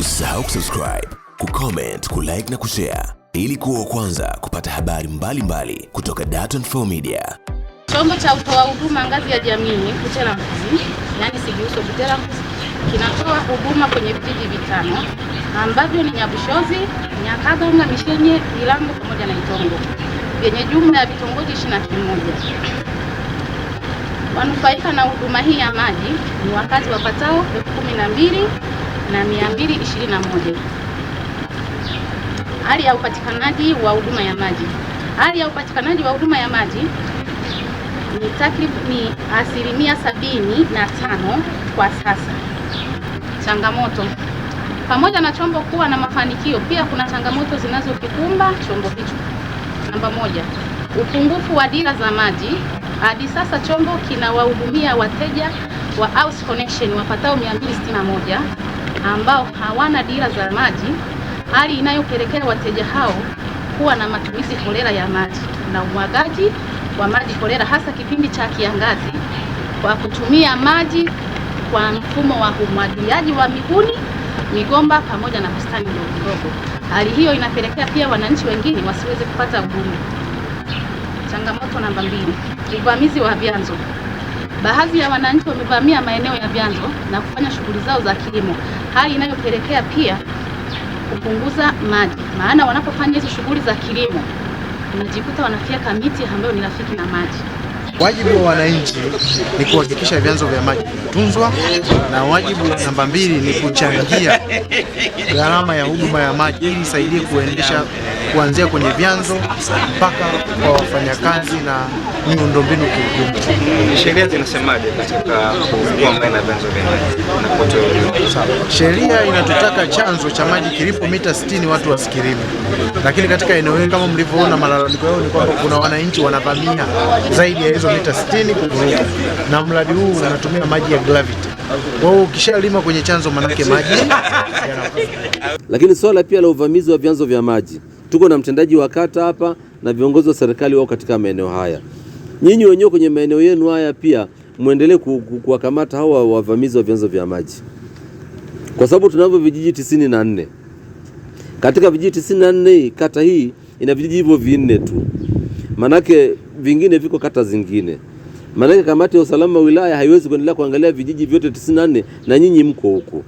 Usisahau kusubscribe, kucomment, kulike na kushare ili kuwa kwanza kupata habari mbalimbali mbali kutoka Dar24 Media. Chombo cha utoa huduma ngazi ya jamii Buteramkuzi, yani Sigiuso Buteramkuzi, kinatoa huduma kwenye vijiji vitano ambavyo ni Nyabushozi, Nyakaganga, Mishenye, Ilango pamoja na Itongo vyenye jumla ya vitongoji 21. Wanufaika na huduma hii ya maji ni wakazi wapatao elfu kumi na mbili na moja. Hali ya upatikanaji wa huduma ya maji. Hali ya upatikanaji wa huduma ya maji ni takriban asilimia sabini na tano kwa sasa. Changamoto: pamoja na chombo kuwa na mafanikio, pia kuna changamoto zinazokikumba chombo hicho. Namba moja, upungufu wa dira za maji. Hadi sasa chombo kinawahudumia wateja wa house connection wapatao 261 ambao hawana dira za maji, hali inayopelekea wateja hao kuwa na matumizi holela ya maji na umwagaji wa maji holela, hasa kipindi cha kiangazi kwa kutumia maji kwa mfumo wa umwagiliaji wa mihuni, migomba pamoja na bustani ndogo. Hali hiyo inapelekea pia wananchi wengine wasiweze kupata huduma. Changamoto namba mbili, uvamizi wa vyanzo Baadhi ya wananchi wamevamia maeneo ya vyanzo na kufanya shughuli zao za kilimo, hali inayopelekea pia kupunguza maji, maana wanapofanya hizo shughuli za kilimo unajikuta wanafyeka miti ambayo ni rafiki na maji. Wajibu wa wananchi ni kuhakikisha vyanzo vya maji vinatunzwa, na wajibu namba mbili ni kuchangia gharama ya huduma ya maji ili isaidie kuendesha kuanzia kwenye vyanzo mpaka kwa wafanyakazi na miundombinu kiujumla. Sheria zinasemaje katika vyanzo vya maji? Sheria inatutaka chanzo cha maji kilipo mita 60 watu wasikilime, lakini katika eneo hili kama mlivyoona, malalamiko yao ni kwamba kuna wananchi wanavamia zaidi ya hizo mita 60 kuvuruga, na mradi huu unatumia maji ya gravity. Kwa hiyo ukishalima kwenye chanzo, manake maji lakini swala pia la uvamizi wa vyanzo vya maji, tuko na mtendaji wa kata hapa na viongozi wa serikali wao katika maeneo haya. Nyinyi wenyewe kwenye maeneo yenu haya pia mwendelee kuwakamata hawa wavamizi wa vyanzo vya maji, kwa sababu tunavyo vijiji tisini na nne. Katika vijiji tisini na nne, kata hii ina vijiji hivyo vinne tu. Manake vingine viko kata zingine, manake kamati ya usalama wa wilaya haiwezi kuendelea kuangalia vijiji vyote 94 na nyinyi mko huko.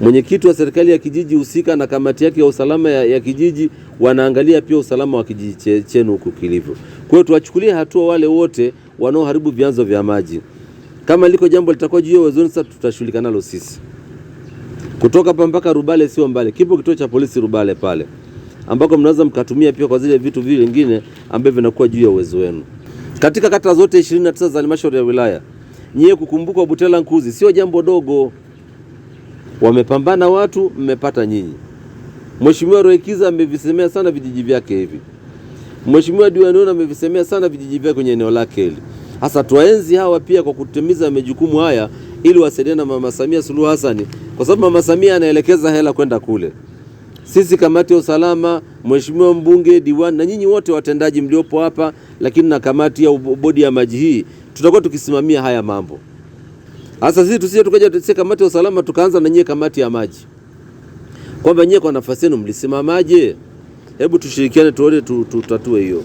Mwenyekiti wa serikali ya kijiji husika na kamati yake ya usalama ya, ya kijiji wanaangalia pia usalama wa kijiji chenu huko kilivyo. Kwa hiyo tuwachukulie hatua wale wote wanaoharibu vyanzo vya maji. Kama liko jambo litakuwa juu ya uwezo wetu, sasa tutashughulika nalo sisi. Kutoka hapa mpaka Rubale sio mbali, kipo kituo cha polisi Rubale pale ambako mnaweza mkatumia pia kwa zile vitu vile vingine ambavyo vinakuwa juu ya uwezo wenu. Katika kata zote 29 za halmashauri ya wilaya, nyie kukumbuka Butela Nkuzi sio jambo dogo. Wamepambana watu, mmepata nyinyi. Mheshimiwa Roekiza amevisemea sana vijiji vyake hivi. Mheshimiwa Diwani amevisemea sana vijiji vyake kwenye eneo lake hili. Sasa tuwaenzi hawa pia kwa kutimiza majukumu haya ili wasaidiane na Mama Samia Suluhu Hassan kwa sababu Mama Samia anaelekeza hela kwenda kule sisi kamati ya usalama, mheshimiwa mbunge, diwani na nyinyi wote watendaji mliopo hapa, lakini na kamati ya bodi ya maji hii, tutakuwa tukisimamia haya mambo. Sasa sisi tusije tukaja sisi kamati ya usalama tukaanza na nyie kamati ya maji kwamba nyie kwa nafasi yenu mlisimamaje? Hebu tushirikiane tuone tutatue hiyo.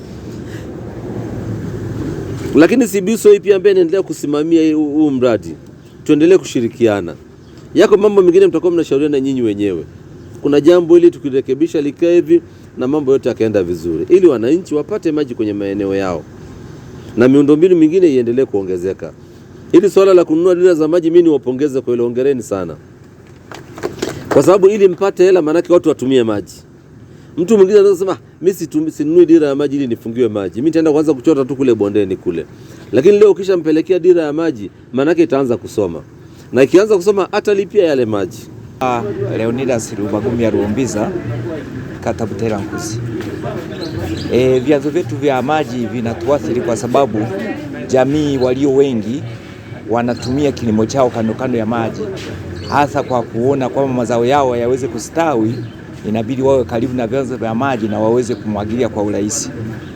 Lakini CBSO hii pia ambaye inaendelea kusimamia huu mradi, tuendelee kushirikiana. Yako mambo mengine mtakuwa mnashauriana nyinyi wenyewe kuna jambo ili tukirekebisha likae hivi, na mambo yote yakaenda vizuri, ili wananchi wapate maji kwenye maeneo yao na miundombinu mingine iendelee kuongezeka. Ili swala la kununua dira za maji, mimi niwapongeze kwa ile, hongereni sana, kwa sababu ili mpate hela, maanake watu watumie maji. Mtu mwingine anaweza kusema ah, mimi sinunui dira ya maji ili nifungiwe maji, mimi nitaenda kwanza kuchota tu kule bondeni kule. Lakini leo ukishampelekea dira ya maji, maanake itaanza kusoma, na ikianza kusoma atalipia yale maji. Ah, Leonidas Rubagumya Ruombiza, kata Butera Nkuzi. E, vyanzo vyetu vya maji vinatuathiri kwa sababu jamii walio wengi wanatumia kilimo chao kando kando ya maji, hasa kwa kuona kwamba mazao yao yaweze kustawi, inabidi wawe karibu na vyanzo vya maji na waweze kumwagilia kwa urahisi.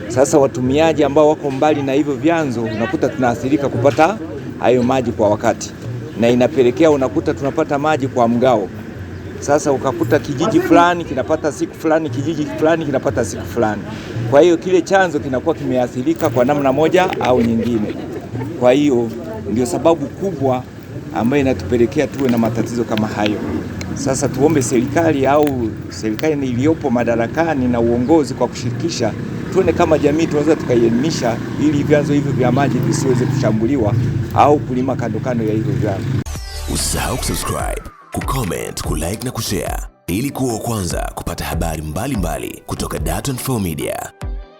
Sasa watumiaji ambao wako mbali na hivyo vyanzo, unakuta tunaathirika kupata hayo maji kwa wakati na inapelekea unakuta tunapata maji kwa mgao. Sasa ukakuta kijiji fulani kinapata siku fulani, kijiji fulani kinapata siku fulani. Kwa hiyo kile chanzo kinakuwa kimeathirika kwa namna moja au nyingine. Kwa hiyo ndio sababu kubwa ambayo inatupelekea tuwe na matatizo kama hayo. Sasa tuombe serikali au serikali iliyopo madarakani na uongozi kwa kushirikisha, tuone kama jamii tunaweza tukaielimisha ili vyanzo hivyo vya maji visiweze kushambuliwa au kulima kandokando ya hivyo vyanzo. Usisahau kusubscribe, kucomment, kulike na kushare ili kuwa wa kwanza kupata habari mbalimbali mbali kutoka Dar24 Media.